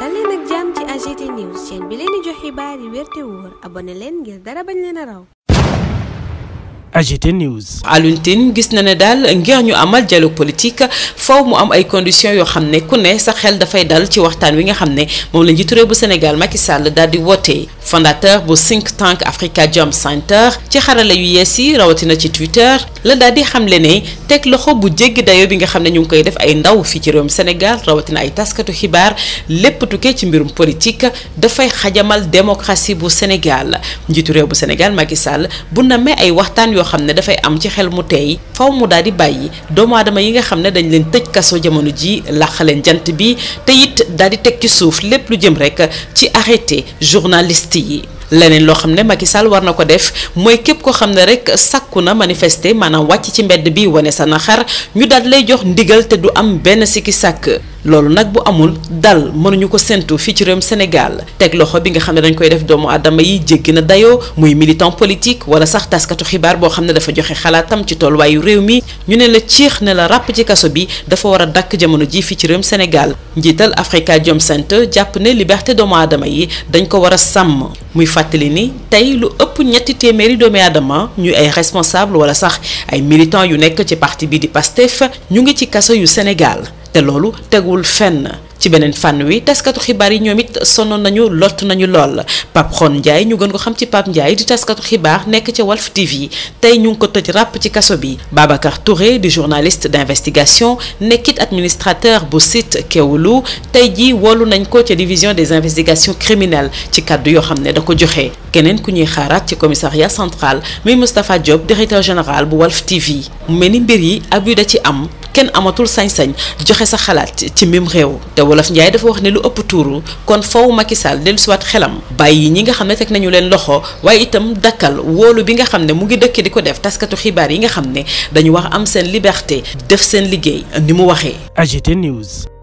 dal leen ak jàmm news chaîne leen dara bañ leen a raw. AGT gis na ne daal ngir ñu amal dialogue politique faw mu am ay conditions yoo xam ne ku ne sa xel dafay dal ci waxtaan wi nga xam ne moom la njiitu réew bu senegal Macky Sall daal di woote fondateur bu think tank Africa Jom Center ci xarala yu yees yi rawatina ci Twitter la daal di xamle ne teg loxo bu jéggi dayo bi nga xam ne ñu ngi koy def ay ndaw fii ci réewum Sénégal rawatina ay taskatu xibaar lépp tukkee ci mbirum politique dafay xajamal démocratie bu Sénégal njiitu réew bu Sénégal Macky Sall bu namee ay waxtaan yoo xam ne dafay am ci xel mu tey faw mu daal di bàyyi doomu aadama yi nga xam ne dañ leen tëj kaso jamono ji làq leen jant bi te it di teg ci suuf lépp lu jëm rek ci arrêté journaliste yi leneen loo xam ne Macky Sall war na ko def mooy képp koo xam ne rek sakku na manifester maanaam wàcc ci mbedd bi wane sa xar ñu daal lay jox ndigal te du am benn sikki sàkk loolu nag bu amul dal mënuñu ko séntu fii ci réewum Sénégal teg loxo bi nga xam ne dañ koy def doomu aadama yi jéggi na dayoo muy militan politique wala sax taskatu xibaar boo xam ne dafa joxe xalaatam ci tolluwaayu réew mi ñu ne la ciix ne la ràpp ci kaso bi dafa war a dakk jamono ji fii ci réewum Sénégal njiital Afrikajom Center jàpp ne liberté doomu aadama yi dañ ko war a sàmm muy fàttali ni tey lu ëpp ñetti téeméeri doomu aadama ñuy ay responsable wala sax ay militants yu nekk ci parti bi di Pastef ñu ngi ci kaso yu Sénégal te loolu tegul fenn ci beneen fànn wi taskatu xibaar yi ñoom it sonnoon nañu lott nañu lool Pape Xon Ndiaye ñu gën ko xam ci Pape Ndiaye di taskatu xibaar nekk ca Walf TV tey ñu ngi ko tëj ràpp ci kaso bi Babacar Touré di journaliste d'investigation nekkit administrateur bu site lu tey jii woolu nañ ko ca division des investigations criminelles ci kàddu yoo xam ne da ko joxe. keneen ku ñuy xaaraat ci commissariat central muy Moustapha Diop directeur général bu Walf TV mu mel ni mbir yi abus da ci am kenn amatul sañ-sañ joxe sa xalaat ci mim réew te wolof Ndiaye dafa wax ne lu ëpp tuuru kon faw Macky Sall dellusiwaat xelam bàyyi ñi nga xam ne teg nañu leen loxo waaye itam dakkal wóolu bi nga xam ne mu ngi dëkke di ko def taskatu xibaar yi nga xam ne dañu wax am seen liberté def seen liggéey ni mu waxee.